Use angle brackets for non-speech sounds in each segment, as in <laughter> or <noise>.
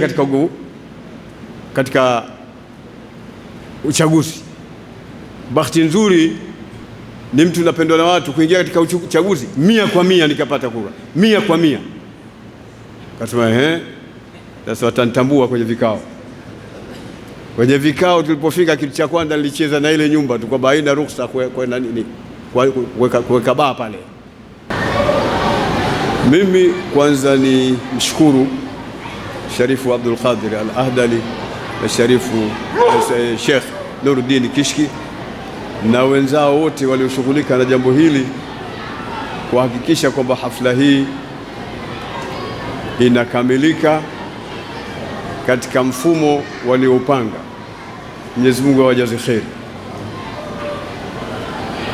Katika, ugu, katika uchaguzi bahati nzuri ni mtu napendwa na watu kuingia katika uchaguzi mia kwa mia nikapata kura mia kwa mia kasema ehe, sasa watanitambua kwenye vikao. Kwenye vikao tulipofika, kitu cha kwanza nilicheza na ile nyumba tu kwamba haina ruhusa kuweka baa pale. Mimi kwanza ni mshukuru Sharifu Abdul Qadir Al-Ahdali na Sharifu eh, Sheikh Nuruddin Kishki na wenzao wote walioshughulika na jambo hili kuhakikisha kwamba hafla hii inakamilika katika mfumo walioupanga Mwenyezi Mungu awajaze kheri,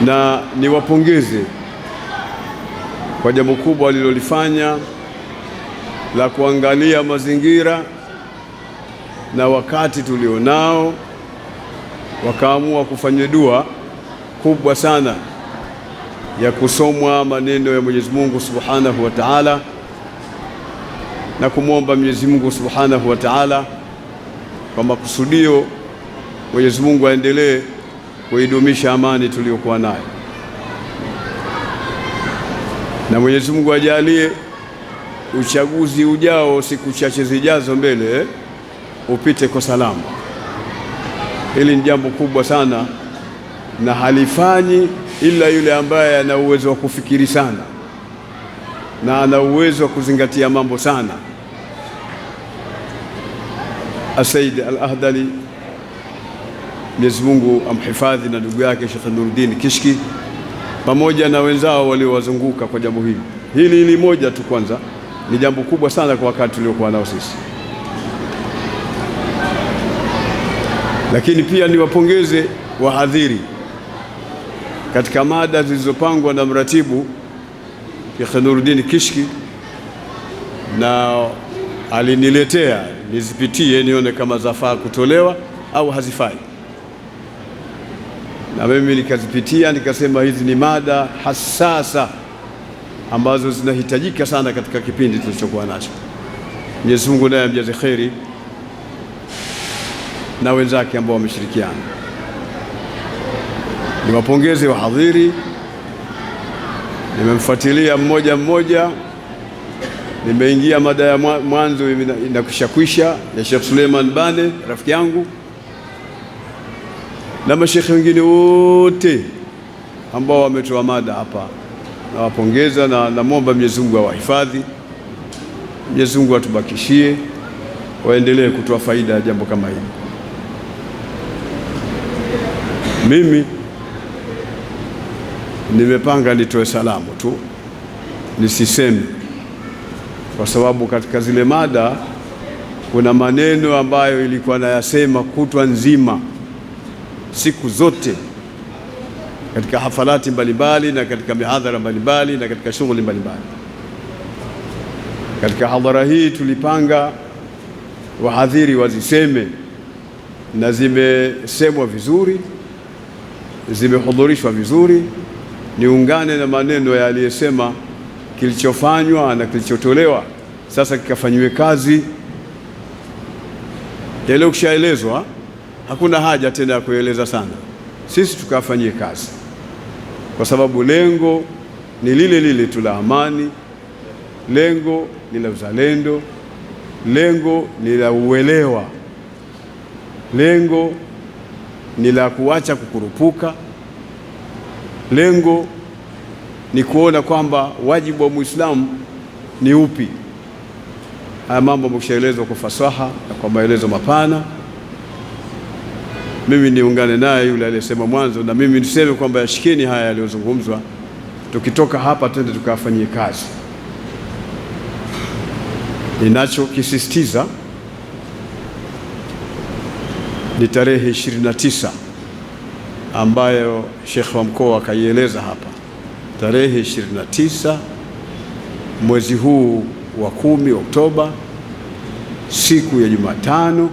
na niwapongeze kwa jambo kubwa walilolifanya la kuangalia mazingira na wakati tulionao, wakaamua kufanya dua kubwa sana ya kusomwa maneno ya Mwenyezi Mungu Subhanahu wa Ta'ala na kumwomba Mwenyezi Mungu Subhanahu wa Ta'ala kwa makusudio, Mwenyezi Mungu aendelee kuidumisha amani tuliyokuwa nayo na Mwenyezi Mungu ajalie uchaguzi ujao siku chache zijazo mbele eh, upite kwa salama. Hili ni jambo kubwa sana, na halifanyi ila yule ambaye ana uwezo wa kufikiri sana na ana uwezo wa kuzingatia mambo sana. Asaid Al-Ahdali, Mwenyezi Mungu amhifadhi, na ndugu yake Sheikh Nuruddin Kishki pamoja na wenzao waliowazunguka kwa jambo hili. Hili ni moja tu kwanza ni jambo kubwa sana kwa wakati tuliokuwa nao sisi. Lakini pia niwapongeze wahadhiri katika mada zilizopangwa na mratibu Sheikh Nuruddin Kishki, na aliniletea nizipitie nione kama zafaa kutolewa au hazifai, na mimi nikazipitia nikasema hizi ni mada hasasa ambazo zinahitajika sana katika kipindi tulichokuwa nacho. Mwenyezi Mungu naye amjaze kheri na wenzake ambao wameshirikiana. Ni wapongeze wahadhiri, nimemfuatilia mmoja mmoja, nimeingia mada ya mwanzo inakwisha kwisha ya Sheikh Suleiman Bane rafiki yangu na mashekhe wengine wote ambao wametoa mada hapa nawapongeza na namwomba Mwenyezi Mungu awahifadhi, Mwenyezi Mungu atubakishie, waendelee kutoa faida ya jambo kama hili. Mimi nimepanga nitoe salamu tu nisiseme, kwa sababu katika zile mada kuna maneno ambayo ilikuwa nayasema kutwa nzima siku zote katika hafalati mbalimbali na katika mihadhara mbalimbali na katika shughuli mbalimbali. Katika hadhara hii tulipanga wahadhiri waziseme na zimesemwa vizuri, zimehudhurishwa vizuri. Niungane na maneno ya aliyesema, kilichofanywa na kilichotolewa sasa kikafanyiwe kazi. Yale ukishaelezwa hakuna haja tena ya kueleza sana, sisi tukafanyie kazi kwa sababu lengo ni lile lile tu la amani, lengo ni la uzalendo, lengo ni la uelewa, lengo ni la kuacha kukurupuka, lengo ni kuona kwamba wajibu wa Muislamu ni upi. Haya mambo amekushaelezwa kwa fasaha na kwa maelezo mapana mimi niungane naye yule aliyesema mwanzo, na mimi niseme kwamba yashikeni haya yaliyozungumzwa, tukitoka hapa twende tukafanyie kazi. Ninachokisisitiza ni tarehe 29 ambayo Sheikh wa mkoa akaieleza hapa, tarehe 29 mwezi huu wa kumi, Oktoba, siku ya Jumatano,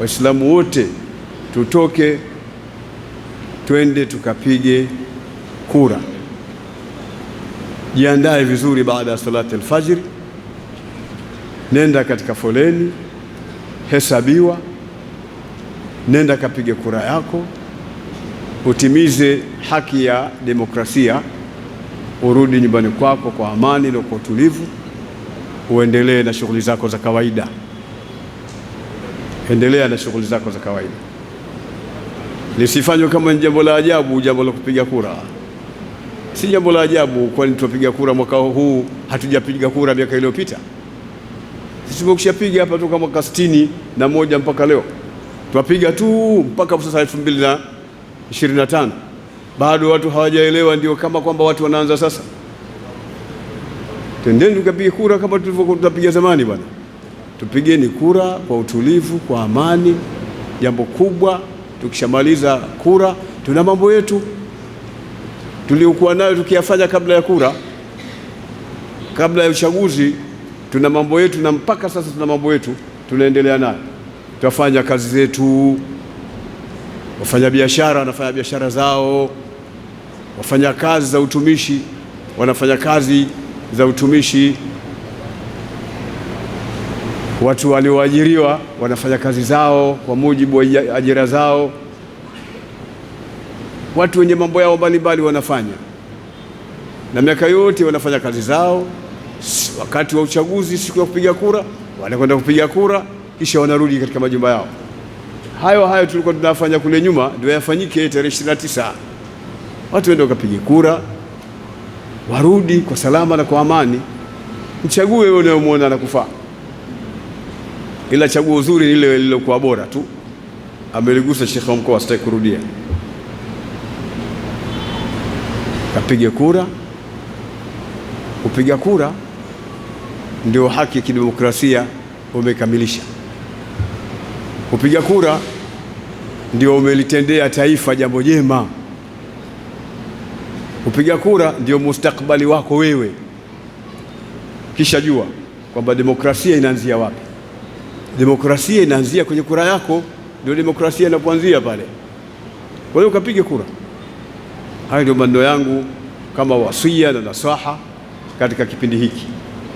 Waislamu wote tutoke twende tukapige kura. Jiandae vizuri, baada ya salati alfajiri, nenda katika foleni, hesabiwa, nenda kapige kura yako, utimize haki ya demokrasia, urudi nyumbani kwako kwa amani na kwa utulivu, uendelee na shughuli zako za kawaida. Endelea na shughuli zako za kawaida lisifanywe kama ni jambo la ajabu, jambo la kupiga kura. Si jambo la ajabu, kwani tunapiga kura mwaka huu? Hatujapiga kura miaka iliyopita? Sisi piga hapa toka mwaka sitini na moja mpaka leo, twapiga tu mpaka sasa elfu mbili na ishirini na tano bado watu hawajaelewa, ndio kama kwamba watu wanaanza sasa. Tendeni tukapiga kura kama tulivyokuwa tunapiga zamani bwana. Tupigeni kura kwa utulivu, kwa amani, jambo kubwa Tukishamaliza kura, tuna mambo yetu tuliokuwa nayo tukiyafanya kabla ya kura, kabla ya uchaguzi, tuna mambo yetu, na mpaka sasa tuna mambo yetu tunaendelea nayo. Tutafanya kazi zetu, wafanyabiashara wanafanya biashara zao, wafanya kazi za utumishi wanafanya kazi za utumishi watu walioajiriwa wanafanya kazi zao kwa mujibu wa ajira zao, watu wenye mambo yao mbalimbali wanafanya, na miaka yote wanafanya kazi zao. Wakati wa uchaguzi, siku ya kupiga kura, wanakwenda kupiga kura, kisha wanarudi katika majumba yao. Hayo hayo tulikuwa tunafanya kule nyuma, ndio yafanyike tarehe 29, watu wende wakapiga kura, warudi kwa salama na kwa amani, mchague wewe unayemwona na ila chaguo zuri lile lilokuwa bora tu ameligusa shekhe wa mkoa, sitaki kurudia. Kapige kura. Kupiga kura ndio haki ya kidemokrasia umekamilisha. Kupiga kura ndio umelitendea taifa jambo jema. Kupiga kura ndio mustakbali wako wewe. Kisha jua kwamba demokrasia inaanzia wapi. Demokrasia inaanzia kwenye kura yako, ndio demokrasia inapoanzia pale. Kwa hiyo ukapige kura. Hayo ndio maneno yangu kama wasia na nasaha katika kipindi hiki,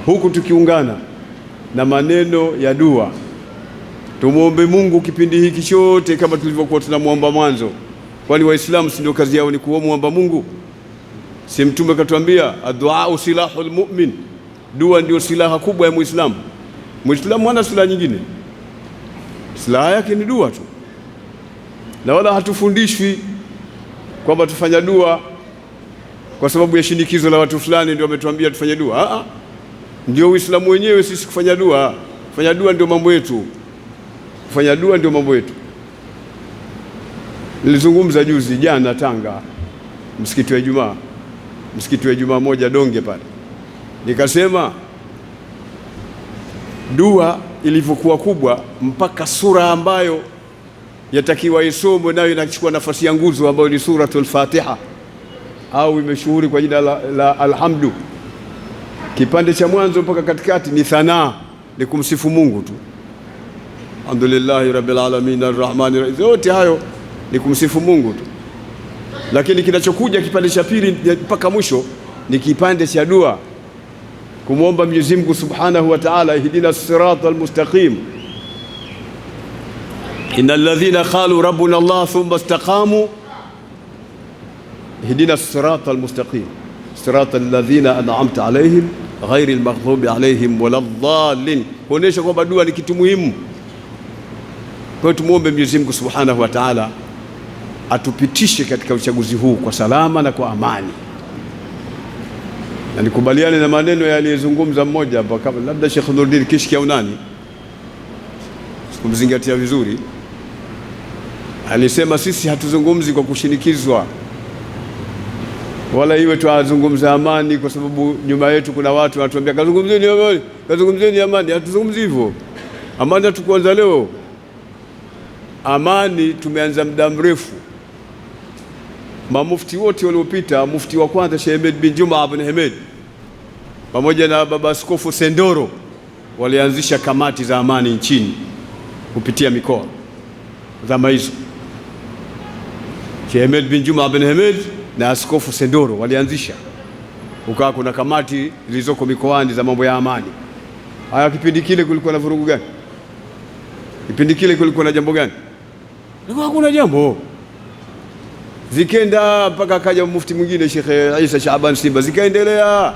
huku tukiungana na maneno ya dua. Tumwombe Mungu kipindi hiki chote kama tulivyokuwa tunamwomba mwanzo, kwani Waislamu si ndio kazi yao ni kuomba Mungu? Si Mtume katuambia adduau silahul mu'min, dua ndio silaha kubwa ya Muislamu muislamu hana silaha nyingine, silaha yake ni dua tu, na wala hatufundishwi kwamba tufanya dua kwa sababu ya shinikizo la watu fulani ndio wametuambia tufanye dua. Ah, ndio Uislamu wenyewe sisi kufanya dua, kufanya dua ndio mambo yetu, kufanya dua ndio mambo yetu. Nilizungumza juzi jana Tanga, msikiti wa Ijumaa, msikiti wa Ijumaa moja Donge pale, nikasema dua ilivyokuwa kubwa mpaka sura ambayo yatakiwa isomwe nayo inachukua nafasi ya nguzo ambayo ni Suratul Fatiha au imeshuhuri kwa jina la, la alhamdu. Kipande cha mwanzo mpaka katikati ni thanaa, ni kumsifu Mungu tu, alhamdulillahi rabbil alamin arrahmani rahim, yote hayo ni kumsifu Mungu tu, lakini kinachokuja kipande cha pili mpaka mwisho ni kipande cha dua kumwomba Mwenyezi Mungu Subhanahu wa Ta'ala, ihdina sirata almustaqim innal ladhina qalu rabbuna Allah thumma istaqamu ihdina sirata almustaqim sirata alladhina an'amta alayhim ghairi almaghdubi alayhim waladhdallin, kuonyesha kwamba dua ni kitu muhimu. Kwa hiyo tumwombe Mwenyezi Mungu Subhanahu wa Ta'ala atupitishe katika uchaguzi huu kwa salama na kwa amani na nikubaliane na maneno yaliyezungumza mmoja hapa, kama labda Sheikh Nuruddin Kishki au nani, sikumzingatia vizuri, alisema sisi hatuzungumzi kwa kushinikizwa, wala iwe twazungumza amani kwa sababu nyuma yetu kuna watu wanatuambia kazungumzeni amani, kazungumzeni amani. Hatuzungumzi hivyo. Amani hatukuanza leo, amani tumeanza muda mrefu. Mamufti wote waliopita, mufti wa kwanza Sheikh Ahmed bin Juma bin Ahmed pamoja na Baba Askofu Sendoro walianzisha kamati za amani nchini kupitia mikoa zama hizo. Sheikh bin Juma bin Ahmed na Askofu Sendoro walianzisha, ukawa kuna kamati zilizoko mikoani za mambo ya amani. Haya, kipindi kile kulikuwa na vurugu gani? Kipindi kile kulikuwa na jambo gani? Kulikuwa hakuna jambo. Zikenda mpaka akaja mufti mwingine Sheikh Isa Shaaban Simba, zikaendelea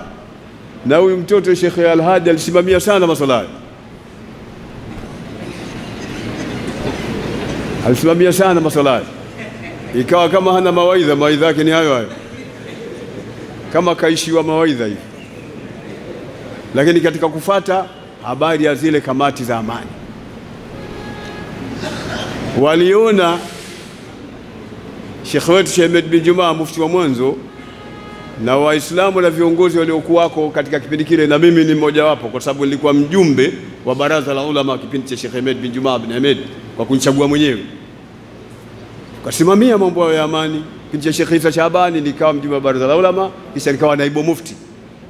na huyu mtoto shekhe alhadi alisimamia sana masuala hayo, alisimamia sana masuala hayo, ikawa kama hana mawaidha, mawaidha yake ni hayo hayo, kama kaishiwa mawaidha hivi. Lakini katika kufata habari ya zile kamati za amani, waliona shekhe wetu Sheikh Ahmed bin Juma, mufti wa mwanzo na Waislamu na viongozi waliokuwako katika kipindi kile, na mimi ni mmoja wapo, kwa sababu nilikuwa mjumbe wa baraza la ulama kipindi cha Sheikh Ahmed bin Jumaa bin Ahmed kwa kunichagua mwenyewe, kasimamia mambo ya amani. Kipindi cha Sheikh Isa Shabani nikawa mjumbe wa baraza la ulama, kisha nikawa naibu mufti,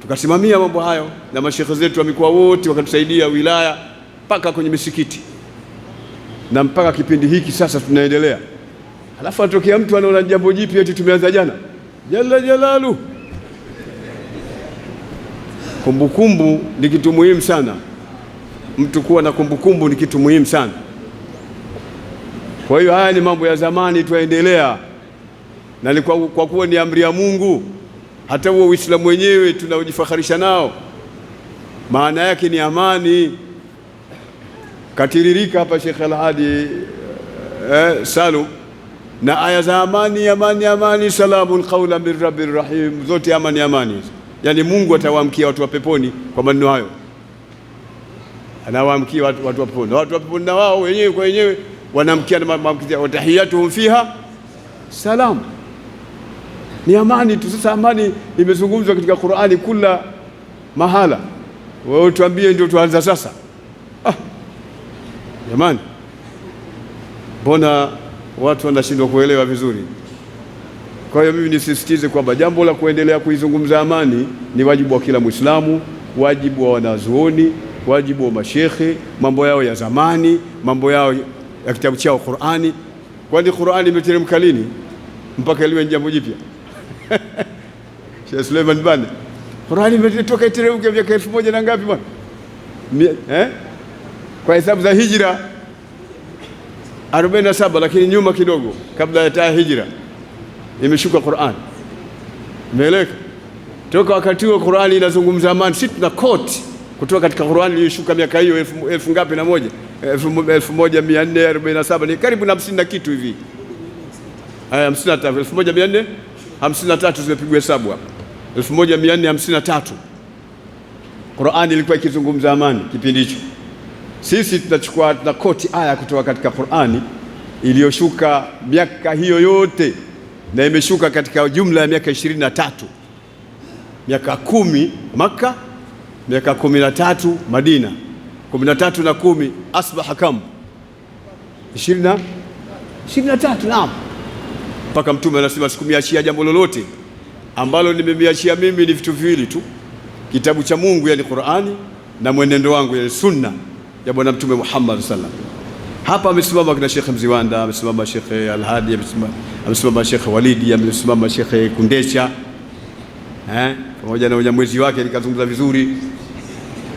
tukasimamia mambo hayo, na mashekhe zetu wa mikoa wote wakatusaidia wilaya mpaka kwenye misikiti na mpaka kipindi hiki sasa tunaendelea. Halafu atokea mtu anaona jambo jipya eti tumeanza jana, jalla jalalu Kumbukumbu ni kitu muhimu sana, mtu kuwa na kumbukumbu ni kitu muhimu sana. Kwa hiyo haya ni mambo ya zamani, twaendelea na ni kwa, kwa kuwa ni amri ya Mungu. Hata huo Uislamu wenyewe tunaojifaharisha nao maana yake ni amani. Katiririka hapa Sheikh Alhadi eh, eh Salum na aya za amani, amani, amani, salamun qawlan min rabbir rahim, zote amani, amani. Yaani Mungu atawaamkia watu wa peponi kwa maneno hayo, anawaamkia watu, watu wa peponi na watu wa peponi na wao wenyewe kwa wenyewe wanaamkia watahiyatuhum fiha salam, ni amani tu. Sasa amani imezungumzwa katika Qur'ani kula mahala, wewe tuambie ndio tuanza sasa? Ah, jamani, mbona watu wanashindwa kuelewa vizuri? Kwa hiyo mimi nisisitize kwamba jambo la kuendelea kuizungumza amani ni wajibu wa kila Mwislamu, wajibu wa wanazuoni, wajibu wa mashekhe, mambo yao ya zamani, mambo yao ya kitabu chao Qur'ani. Kwani Qur'ani imeteremka lini mpaka liwe jambo jipya? <laughs> Sheikh Suleiman bana, Qur'ani imetoka iteremke miaka elfu moja na ngapi bwana eh? Kwa hesabu za hijra 47 lakini nyuma kidogo kabla ya taa hijra imeshuka Qur'an. Umeeleka? Toka wakati huo Qur'an inazungumza amani, sisi tuna koti kutoka katika Qur'an iliyoshuka miaka hiyo elfu, elfu ngapi na moja elfu moja mia nne arobaini na saba ni karibu na hamsini na kitu hivi, hamsini na tatu elfu moja mia nne hamsini na tatu zimepigwa hesabu hapa, elfu moja mia nne hamsini na tatu Qur'an ilikuwa ikizungumza amani kipindi hicho. Sisi tunachukua tuna koti aya kutoka katika Qur'ani iliyoshuka miaka hiyo yote na imeshuka katika jumla ya miaka tatu miaka kumi Makka, miaka kumi na tatu Madina, kumi na tatu na kumi asbaha kam ishirini na tatu naam, mpaka Mtume anasema sikumiachia jambo lolote ambalo nimemiachia mimi ni vitu viwili tu, kitabu cha Mungu yani Qur'ani, na mwenendo wangu yani sunna ya Bwana Mtume Muhammad sallallahu alaihi wasallam. Hapa amesimama kina Shekhe Mziwanda, amesimama Shekhe Alhadi, amesimama Shekhe Walidi, amesimama Shekhe Kundesha eh, pamoja na Unyamwezi wake nikazungumza vizuri,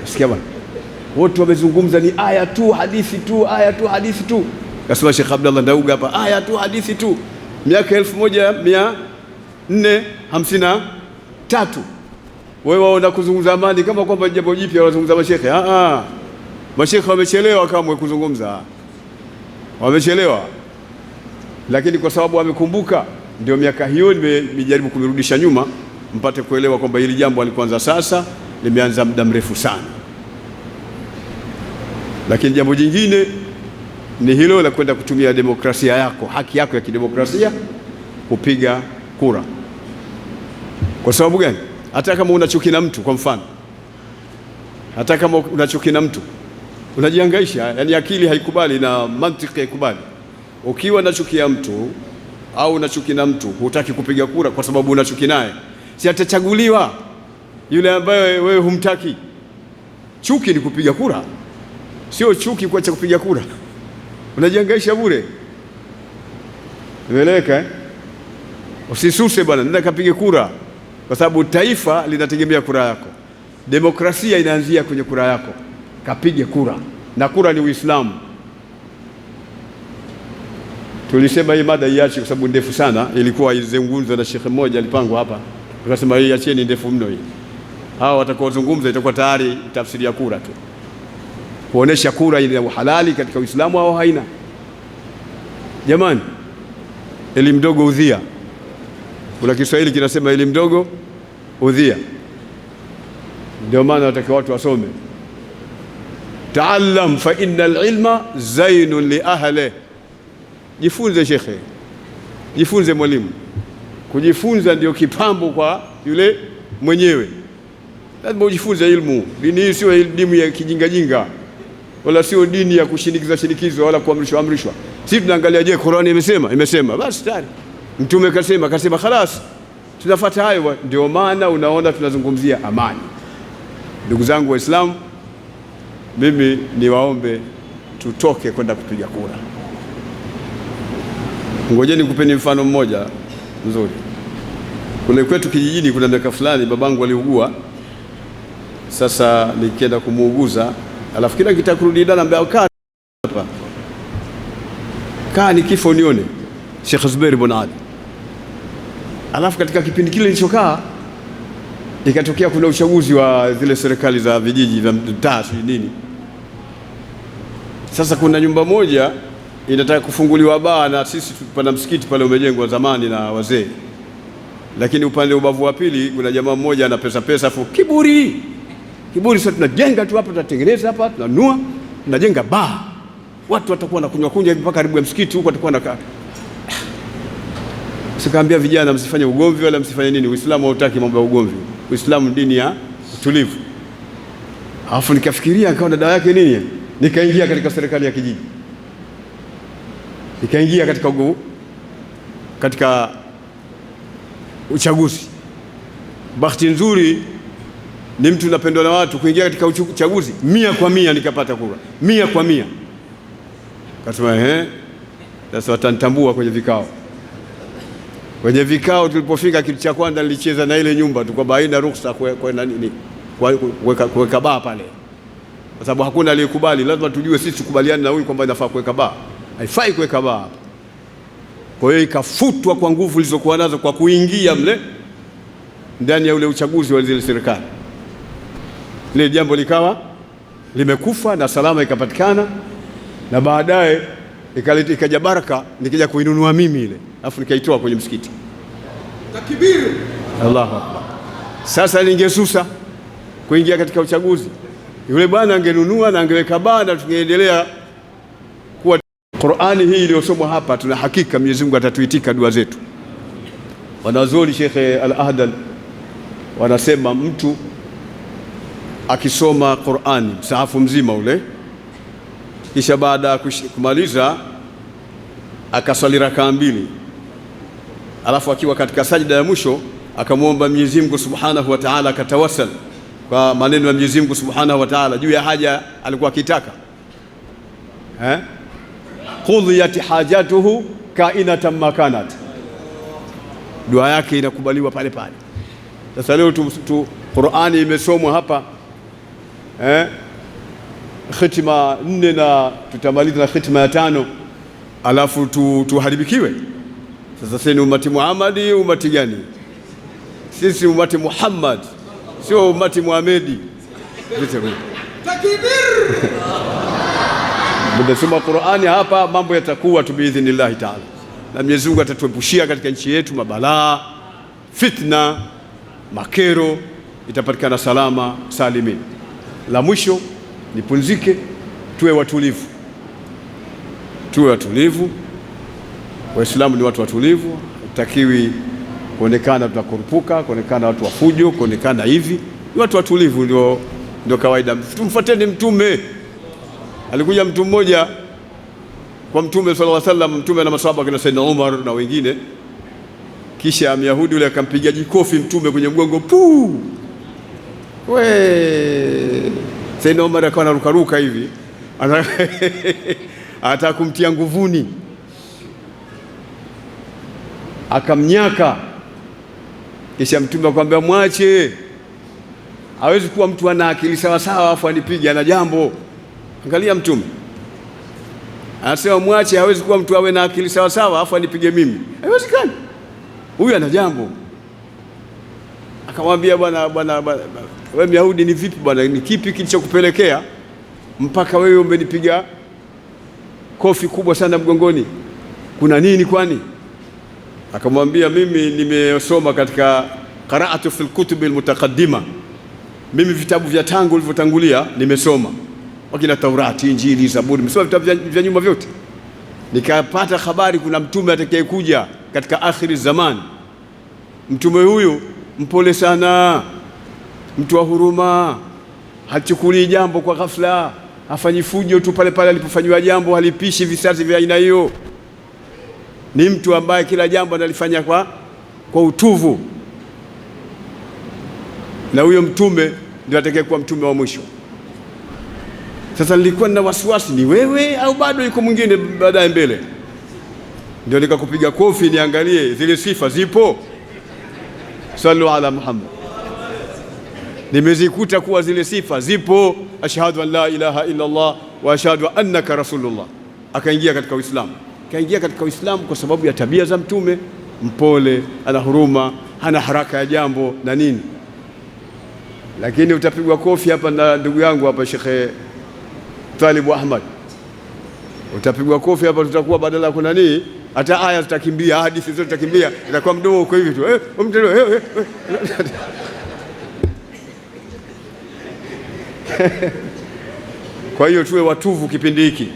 sikia bwana, wote wamezungumza ni aya tu hadithi tu aya tu hadithi tu. Kasema Shekhe Abdallah Ndauga hapa aya tu hadithi tu, miaka elfu moja mia nne hamsini na tatu. Wewe waona kuzungumza amani kama kwamba jambo jipya wanazungumza mashekhe. Ah, ah, mashekhe wamechelewa kamwe kuzungumza wamechelewa, lakini kwa sababu wamekumbuka, ndio miaka hiyo nimejaribu kumirudisha nyuma, mpate kuelewa kwamba hili jambo alikuanza sasa, limeanza muda mrefu sana. Lakini jambo jingine ni hilo la kwenda kutumia demokrasia yako, haki yako ya kidemokrasia kupiga kura. Kwa sababu gani? Hata kama una chuki na mtu, kwa mfano, hata kama una chuki na mtu unajihangaisha, yani akili haikubali na mantiki haikubali. Ukiwa na chuki ya mtu au una chuki na mtu, hutaki kupiga kura kwa sababu una chuki naye, si atachaguliwa yule ambaye wewe humtaki. Chuki ni kupiga kura, sio chuki kwa cha kupiga kura. Unajihangaisha bure. Imeeleweka eh? Usisuse bwana, nenda kapige kura, kwa sababu taifa linategemea kura yako. Demokrasia inaanzia kwenye kura yako kapige kura, na kura ni Uislamu. Tulisema hii mada iache kwa sababu ndefu sana, ilikuwa izungumzwe na shekhe mmoja alipangwa hapa, akasema hii acheni, ndefu mno hii. Hawa watakaozungumza itakuwa tayari tafsiri ya kura tu, kuonesha kura ina uhalali katika Uislamu au haina. Jamani, elimu ndogo udhia. Kuna Kiswahili kinasema elimu ndogo udhia, ndio maana watakiwa watu wasome taallam fa inna alilma zainun li ahli, jifunze shekhe, jifunze mwalimu. Kujifunza ndio kipambo kwa yule mwenyewe, lazima ujifunze ilmu. Dini hii sio elimu ya kijingajinga, wala sio dini ya kushinikiza shinikizo wala kuamrishwa amrishwa. Sisi tunaangalia, je, Qur'ani imesema? Imesema, basi tayari. Mtume kasema, kasema, khalas, tunafuata hayo. Ndio maana unaona tunazungumzia amani, ndugu zangu Waislamu mimi niwaombe tutoke kwenda kupiga kura. Ngojeni kupeni mfano mmoja mzuri. Kule kwetu kijijini, kuna miaka fulani babangu aliugua. Sasa nikienda kumuuguza, alafu kila kitaka kurudi dada anambia kaa hapa, kaa ni kifo nione Sheikh Zuberi bin Ali. Alafu katika kipindi kile nilichokaa ikatokea kuna uchaguzi wa zile serikali za vijiji vya mtaa sijui nini sasa kuna nyumba moja inataka kufunguliwa baa, na sisi tupanda msikiti pale umejengwa zamani na wazee, lakini upande ubavu wa pili kuna jamaa mmoja ana pesa pesa, afu kiburi kiburi. Sasa tunajenga tu hapa, tunatengeneza hapa, tunanua, tunajenga baa, watu watakuwa na kunywa kunywa mpaka karibu ya msikiti huko, watakuwa na Sikaambia vijana, msifanye ugomvi wala msifanye nini. Uislamu hautaki mambo ya ugomvi. Uislamu dini ya utulivu. Alafu nikafikiria, nikaona dawa yake nini nikaingia katika serikali ya kijiji, nikaingia katika ugu, katika uchaguzi. Bahati nzuri ni mtu napendwa na watu, kuingia katika uchaguzi mia kwa mia nikapata kura mia kwa mia. Kasema ehe, sasa watanitambua kwenye vikao. Kwenye vikao tulipofika, kitu cha kwanza nilicheza na ile nyumba tu kwamba haina ruhusa kuweka baa pale kwa sababu hakuna aliyekubali. Lazima tujue sisi tukubaliane na huyu kwamba inafaa kuweka baa, haifai kuweka baa. Kwa hiyo ikafutwa kwa nguvu zilizokuwa nazo kwa kuingia mle ndani ya ule uchaguzi wa zile serikali, lile jambo likawa limekufa na salama ikapatikana, na baadaye ikaja baraka, nikija kuinunua mimi ile, alafu nikaitoa kwenye msikiti. Takbiri, Allahu Akbar! Sasa ningesusa kuingia katika uchaguzi yule bwana angenunua na angeweka baa tungeendelea kuwa. Qur'ani hii iliyosomwa hapa, tuna hakika Mwenyezi Mungu atatuitika dua zetu. Wanazuoni Shekhe Al-Ahdal wanasema mtu akisoma Qur'ani msahafu mzima ule, kisha baada ya kumaliza akaswali rakaa mbili, alafu akiwa katika sajda ya mwisho akamwomba Mwenyezi Mungu Subhanahu wa Ta'ala, akatawasal kwa maneno ya Mwenyezi Mungu Subhanahu wa Ta'ala juu ya haja alikuwa akitaka eh, qudhiyat hajatuhu kainatan makanat, dua yake inakubaliwa pale pale. Sasa leo tu, tu Qur'ani imesomwa hapa eh, khitma nne na tutamaliza na khitma ya tano, alafu tu, tuharibikiwe. Sasa sisi ni umati Muhammad, umati gani? Sisi umati Muhammad sio umati Muhamedi. Takbir! <laughs> Qur'ani hapa, mambo yatakuwa tu biidhnillahi taala, na Mwenyezi Mungu atatuepushia katika nchi yetu mabalaa, fitna, makero, itapatikana salama salimin. La mwisho nipunzike, tuwe watulivu, tuwe watulivu. Waislamu ni watu watulivu, takiwi kuonekana tunakurupuka, kuonekana watu wafujo kuonekana hivi. Ni watu watulivu, ndio ndio kawaida. Tumfuateni Mtume. Alikuja mtu mmoja kwa Mtume sallallahu alaihi wasallam, Mtume na maswahaba kina Saidna Umar na wengine, kisha Myahudi yule akampiga jikofi Mtume kwenye mgongo puu, we Saidna Umar akawa anarukaruka hivi <laughs> anataka kumtia nguvuni, akamnyaka kisha mtume akamwambia mwache, hawezi kuwa mtu ana akili sawasawa afu anipige ana jambo. Angalia mtume anasema mwache, hawezi kuwa mtu awe na akili sawasawa afu anipige mimi, haiwezekani, huyu ana jambo. Akamwambia, bwana bwana, wewe Myahudi, ni vipi bwana, ni kipi kilichokupelekea mpaka wewe umenipiga kofi kubwa sana mgongoni? Kuna nini kwani? akamwambia, mimi nimesoma katika qaraatu fil kutubi almutaqaddima, mimi vitabu vya tangu vilivyotangulia nimesoma, wakina Taurati, Injili, Zaburi, nimesoma vitabu vya nyuma vyote, nikapata habari kuna mtume atakayekuja katika akhiri zaman. Mtume huyu mpole sana, mtu wa huruma, hachukulii jambo kwa ghafla, hafanyi fujo tu pale pale alipofanyiwa jambo, halipishi visasi vya aina hiyo ni mtu ambaye kila jambo analifanya kwa, kwa utuvu, na huyo mtume ndio atakayekuwa mtume wa mwisho. Sasa nilikuwa nina wasiwasi, ni wewe au bado yuko mwingine baadaye mbele? Ndio nikakupiga kofi niangalie zile sifa zipo. Sallu ala Muhammad. Nimezikuta kuwa zile sifa zipo, ashhadu an la ilaha illa Allah wa ashhadu annaka rasulullah, akaingia katika Uislamu kaingia katika Uislamu kwa sababu ya tabia za Mtume, mpole, ana huruma, hana haraka ya jambo na nini. Lakini utapigwa kofi hapa na ndugu yangu hapa Shekhe Talibu Ahmad, utapigwa kofi hapa, tutakuwa badala ya kunanii hata aya zitakimbia, hadithi zote zitakimbia, itakuwa mdomo uko hivi tu eh, eh, eh. eh. <laughs> Kwa hiyo tuwe watuvu kipindi hiki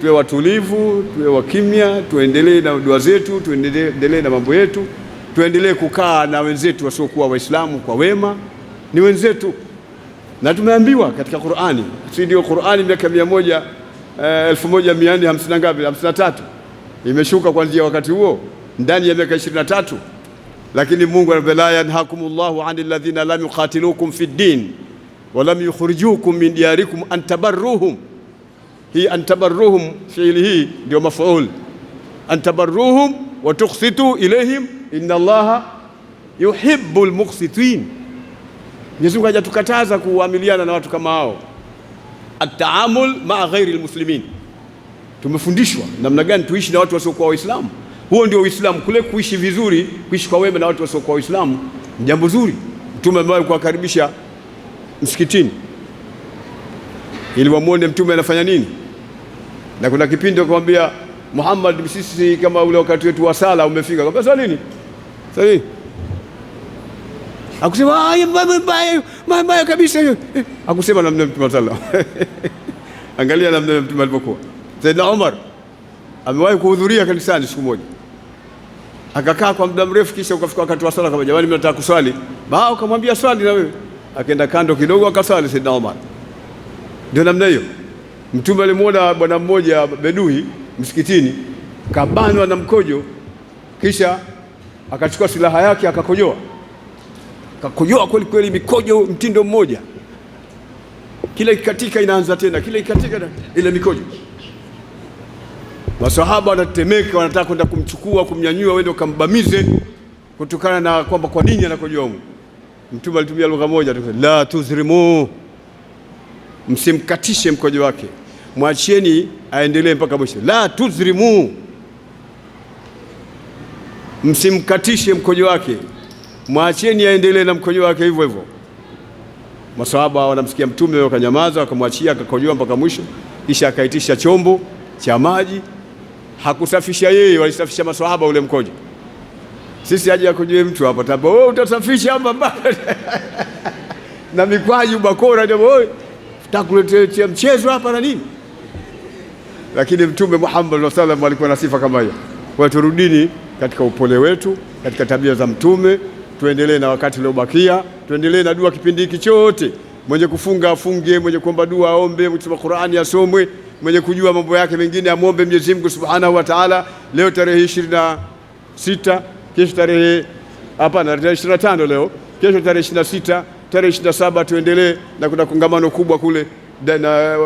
tuwe watulivu, tuwe wakimya, tuendelee na dua zetu, tuendelee na mambo yetu, tuendelee kukaa na wenzetu wasiokuwa Waislamu kwa wema, ni wenzetu na tumeambiwa katika Qur'ani, si ndio? Qur'ani miaka mia moja eh, elfu moja mia nne hamsini na ngapi, hamsini na tatu imeshuka kuanzia wakati huo, ndani ya miaka ishirini na tatu lakini Mungu anasema la llahu ani ladhina lam yuqatilukum fid din wa lam yukhrijukum min diyarikum an tabarruhum hii antabarruhum, fiili hii ndio maful antabarruhum wa tuqsitu ilayhim inna Allaha yuhibbu lmuqsitin. Mwenyezi Mungu hajatukataza kuamiliana na watu kama hao. Ataamul maa ghairi lmuslimin, tumefundishwa namna gani tuishi na watu wasiokuwa Waislamu. Huo ndio Uislamu kule, kuishi vizuri, kuishi kwa wema na watu wasiokuwa Waislamu ni jambo zuri. Mtume amewahi kuwakaribisha msikitini ili wamwone mtume anafanya nini. Na kuna kipindi akamwambia Muhammad, sisi kama ule wakati wetu wa sala umefika, akamwambia nini? salini. Akusema mbaya mbaya kabisa akusema namna mtume sala. <laughs> Angalia namna mtume alivyokuwa. Saidna Umar amewahi kuhudhuria kanisani siku moja, akakaa kwa muda mrefu, kisha ukafika wakati wa sala, kama jamani, mnataka kuswali baa, ukamwambia swali na wewe, akaenda kando kidogo akaswali Saidna Umar. Ndio namna hiyo. Mtume alimwona bwana mmoja bedui msikitini kabanwa na mkojo, kisha akachukua silaha yake akakojoa, kakojoa kweli kweli, mikojo mtindo mmoja, kila ikatika inaanza tena, kila ikikatika ile mikojo. Masahaba wanatetemeka, wanataka kwenda kumchukua, kumnyanyua, wende ukambamize, kutokana na kwamba kwa nini anakojoa. Mtume alitumia lugha moja tu, la tuzrimu msimkatishe mkojo wake, mwachieni aendelee mpaka mwisho. La tuzrimu, msimkatishe mkojo wake, mwachieni aendelee na mkojo wake hivyo hivyo. Masahaba wanamsikia Mtume wakanyamaza, wakamwachia akakojoa mpaka mwisho, kisha akaitisha chombo cha maji. Hakusafisha yeye, walisafisha masahaba ule mkojo. Sisi aje akojoe mtu hapa tabo, wewe utasafisha hapa <laughs> na mikwaju bakora takuletea mchezo hapa na nini. Lakini Mtume Muhammad wa sallam alikuwa na sifa kama hiyo. Kwa turudini katika upole wetu, katika tabia za Mtume, tuendelee na wakati uliobakia, tuendelee na dua kipindi hiki chote. Mwenye kufunga afunge, mwenye kuomba dua aombe, mwenye kusoma Qur'ani asomwe, mwenye kujua mambo yake mengine amwombe Mwenyezi Mungu Subhanahu wa Ta'ala. Leo tarehe ishirini na sita, kesho tarehe hapana, tarehe ishirini na tano leo, kesho tarehe ishirini na sita tarehe 27 tuendelee na kuna kongamano kubwa kule na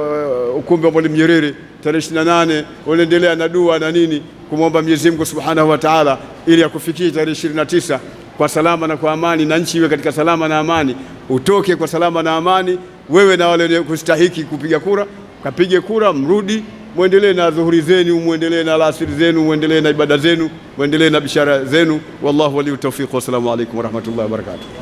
uh, ukumbi wa Mwalimu Nyerere tarehe nane unaendelea na dua na nini kumwomba Mwenyezi Mungu Subhanahu wa Ta'ala ili akufikie tarehe ishirini tisa kwa salama na kwa amani, na nchi iwe katika salama na amani, utoke kwa salama na amani, wewe na wale kustahiki kupiga kura kapige kura, mrudi mwendelee na dhuhuri zenu, mwendelee na alasiri zenu, mwendelee na ibada zenu, mwendelee na bishara zenu. Wallahu waliu tawfiq. Wassalamu rahmatullahi wa barakatuh